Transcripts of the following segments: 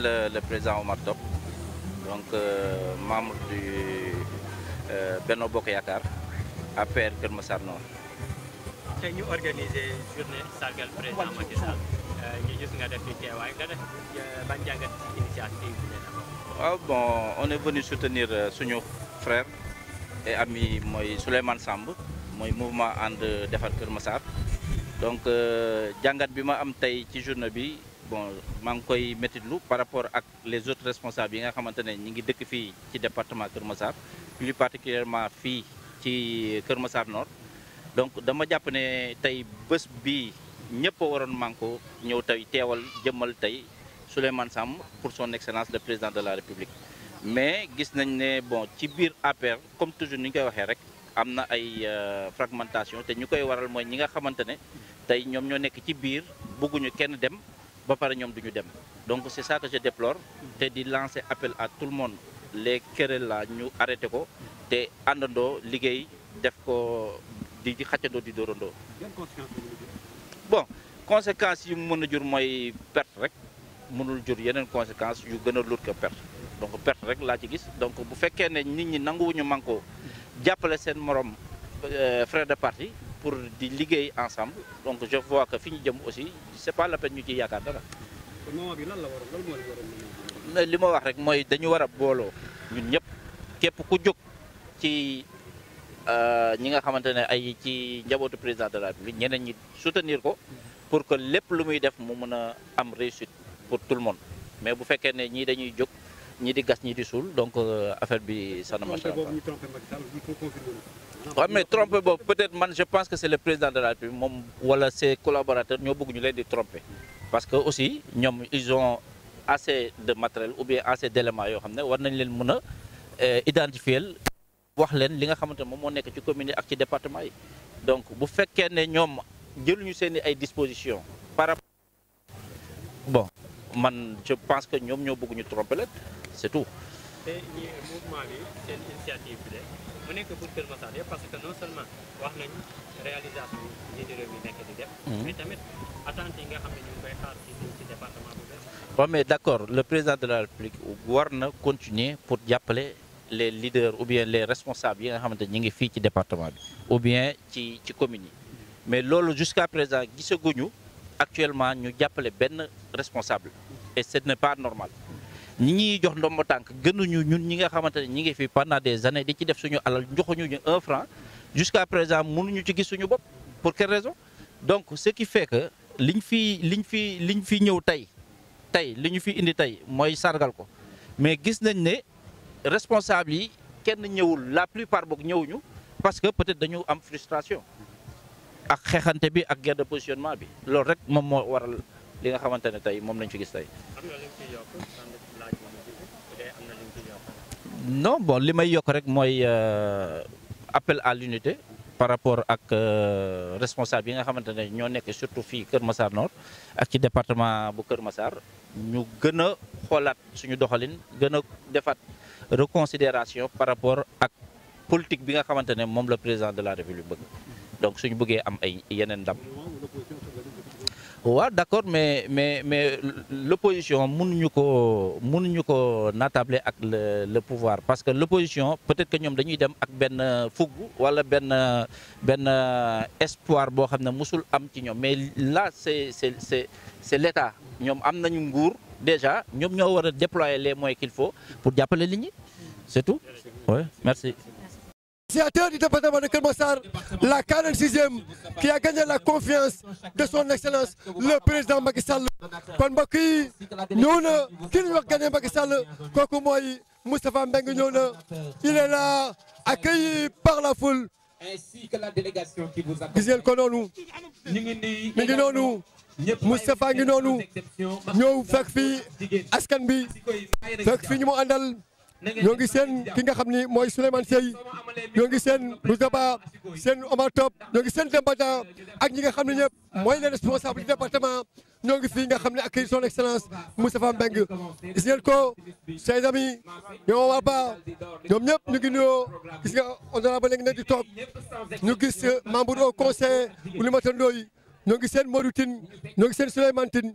le, le président Omar Top, donc euh, membre du euh, à Bokyakar, APR Kermassar non. tey ñu organiser journée sargal président Macky Sall euh, ñu gis nga def fi teewaay nga def euh, ban jàngat initiative bi ne waaw bon on est venu soutenir euh, son frère et ami mooy Souleymane Samb mon mouvement de defar de Massar donc jàngat bi ma am tey ci journée bi bon maa ngi koy métitlu par rapport ak les autres responsables yi nga xamante ne ñi ngi dëkk fii ci département Kër Massar plus particulièrement fii ci Kër Massar Nord donc dama jàpp ne tey bés bi ñëpp a waroon manko ñëw tey teewal jëmmal tey Souleymane Sam pour son excellence de président de la République mais gis nañ ne bon ci biir APR comme toujours ni ñu koy waxee rek am na ay euh, fragmentation te ñu koy waral mooy ñi nga xamante ne tey ñoom ñoo nekk ci biir bëgguñu kenn dem ba pare ñom duñu dem donc c'est ça que je déplore té di lancer appel à tout le monde les querelles la ñu arrêté ko té andando liguey def ko di di xàccandoo di dóorandoo bon conséquences yu mëna a jur mooy perte rek mënul jur yenen conséquences yu gëna a lourd que perte donc perte rek la ci gis donc bu fekké né nit ñi wuñu manko jappalé sen morom euh, frère de parti pour di liggéey ensemble donc je vois que fi ñu jëm aussi c'est pas la peine ñu ci yaakaar dara. moment bi lan la waroon lan moo waroon li ma wax rek mooy dañu war a booloo ñun ñëpp képp ku jóg ci euh, ñi nga xamante ne ay ci njabootu président de la République ñeneen ñi soutenir ko pour que lépp lu muy def mu mën am réussite pour tout le monde mais bu fekkee ne ñii dañuy jóg ñii di gas ñii di suul donc euh, affaire bi. ça ne marche pas Oui, mais tromper, peut-être, je pense que c'est le président de la République, ou voilà, ses collaborateurs, nous beaucoup les tromper. Parce que aussi, ils ont assez de matériel ou bien assez d'éléments, ils ont euh, identifier, wax leen li nga xamante ne moom moo ci commune ak ci département yi donc bu fekkee ne ñoom jëluñu seen i ay dispositions par rapport bon man je pense que nous ñoo bëgg ñu tromper là c'est tout. te un mouvement c'est une initiative mu nekk pour Kër Massar yëpp parce que non seulement wax nañ réalisation yi di réew mi nek di def. Mhm. mais tamit attentes yi nga xamné ñu koy xaar ci ci département bu bees. waaw mais d'accord, le président de la République war na continuer pour jàppale les leaders ou bien les responsables yi nga xamante ñi ngi fi ci département bi ou bien ci ci commune. mais lolu jusqu'à présent gisaguñu actuellement ñu jàppale ben responsable et ce n'est pas normal ñi jox ndombo tank gënuñu ñun ñi nga xamante ñi ngi fi pendant des années di ci def suñu alal joxuñu ñu 1 franc jusqu'à présent mënuñu ci gis suñu bopp pour quelle raison donc ce qui fait que liñ fi liñ fi liñ fi ñew tay tay li fi indi tay moy sargal ko mais gis nañ ne responsable yi kenn ñewul la plupart bok ñewuñu parce que peut-être dañu am frustration ak xeexante bi ak guerre de positionnement bi lool rek mom mo waral li nga xamante ne tey moom lañ fi gis tey. no bon li may yokk rek mooy euh, appel à l'unité par rapport ak euh, responsable yi nga xamante ne ñoo nekk surtout fii Kër Massar Nord ak ci département bu Kër Massar ñu gën a xoolaat suñu doxalin gën a defaat reconsideration par rapport ak politique bi nga xamante ne moom la président de la république bëgg donc suñu bëggee am ay yeneen ndam. Ouais, d'accord, mais mais mais l'opposition, opposition mënuñu ko le pouvoir parce que l'opposition, peut être que ñoom dañuy dem ak benn ou wala ben, ben, espoir boo xam musul am ci mais là c'est l'État. c'est est un est déjà ñoom ñoo déployer les moyens qu'il faut pour jàppale les c'est tout oui merci terre du département de Kermassar, la 46e, qui a gagné la confiance de son excellence, le président Macky Sall. qui gagné Macky Moustapha Mbengue il est là accueilli par la foule. ainsi que la délégation qui vous a ñoo ngi seen ki nga xam ni mooy Souleymane Seye ñoo ngi seen Moustapha seen Omar Top ñoo ngi seen Demba Dia ak ñi nga xam ne ñëpp mooy les responsables du département ñoo ngi fii nga xam ne ak son excellence Moustapha Mbengue gis ngeen ko ses amis ñoo war ba ñoom ñëpp ñu ngi nuyoo gis nga honorable léegi nag di toog ñu gis membre au conseil Oulimata Ndoye ñoo ngi seen Modou Tine ñoo ngi seen Souleymane Tine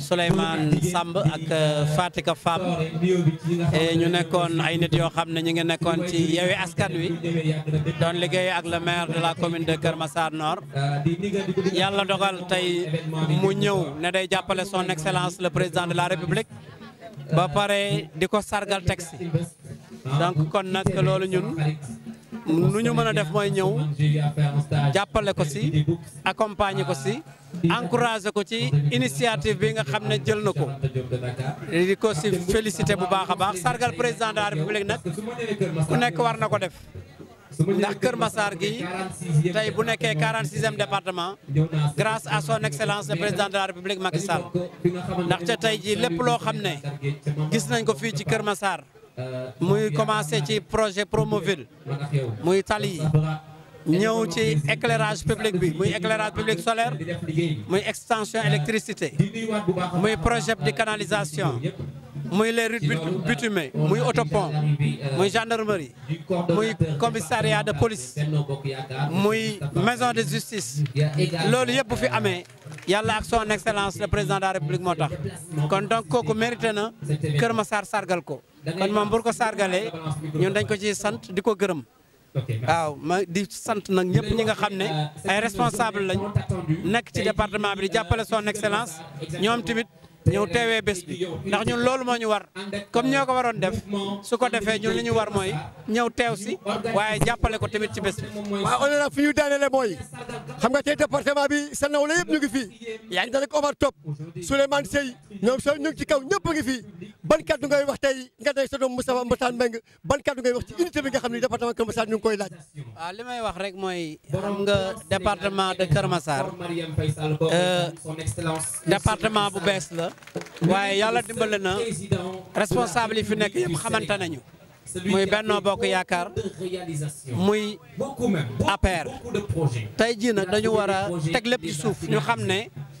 Souleymane Samb ak euh, Fatika Fam ñu nekkoon ay nit yoo xam ne ñu ngi nekkoon ci Yewwi Askan Wi doon liggéey ak le maire de la commune de Kër Massar Nord yàlla dogal tey mu ñëw ne day jàppale son excellence le président de la République ba pare di ko sargal teg si donc kon nag loolu ñun nu ñu mën def moy ñew jappalé ko ci accompagner ko ci encourager ko ci initiative bi nga xamné jël nako di ko ci félicité bu baaxa baax sargal président de la république nak ku nekk war na def ndax kermassar Massar gi tay bu nekké 46e département grâce à son excellence le président de la république Macky Sall ndax ca tey jii lépp loo xam gis nañ ko fi ci Kër Massar euh, muy commencé ci projet Promoville muy tali ñëw ci éclairage public bi muy éclairage public solaire muy extension électricité muy projet de canalisation muy les routes bitumées muy autopont muy gendarmerie muy commissariat de police muy maison de justice loolu lieu pour faire amee yàlla ak son excellence le président de la république moo tax kon donc kooku mérité na Kër Massar sargal ko kon moom bu ko sargalee ñun dañ ko ci sant di ko gërëm waaw ma di sant nag ñëpp ñi nga xam ne ay responsable lañ nekk ci département bi di jàppale soon excellence ñoom tamit ñëw teewee bés bi ndax ñun loolu moo ñu war comme ñoo ko waroon def su ko defee ñun li ñu war mooy ñëw teew si waaye jàppale ko tamit ci bés bi. waaw on est fi ñu daaneele mooy xam nga tey département bi seen nawle yëpp ñu ngi fi yaa ngi daanaka Omar Top Souleymane Seye ñoom soo ñu ngi ci kaw ñëpp ngi fi ban kàddu ngay wax tey nga tey sa doom Moustapha Mbatane Mbengue ban ngay wax unité bi nga xam ne département Kër Massar ñu koy laaj. Ah, li may wax rek mooy xam nga département de Kër Massar euh, département bu bees la waaye yàlla dimbale na responsable yi fi nekk yëpp xamante nañu. muy Benno Bokk Yaakaar muy APR tey jii nag dañu war a teg lépp ci suuf ñu xam ne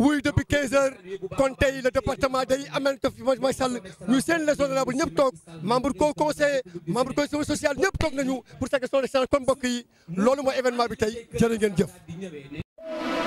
wuy depuis 15 heures kon tey le département day amel tof mooy seen ñu son les honorables ñëpp toog membre co conseil membre commission sociale ñëpp toog nañu pour sa question de change kon mbokk yi loolu mooy événement bi tey jërë ngeen jëf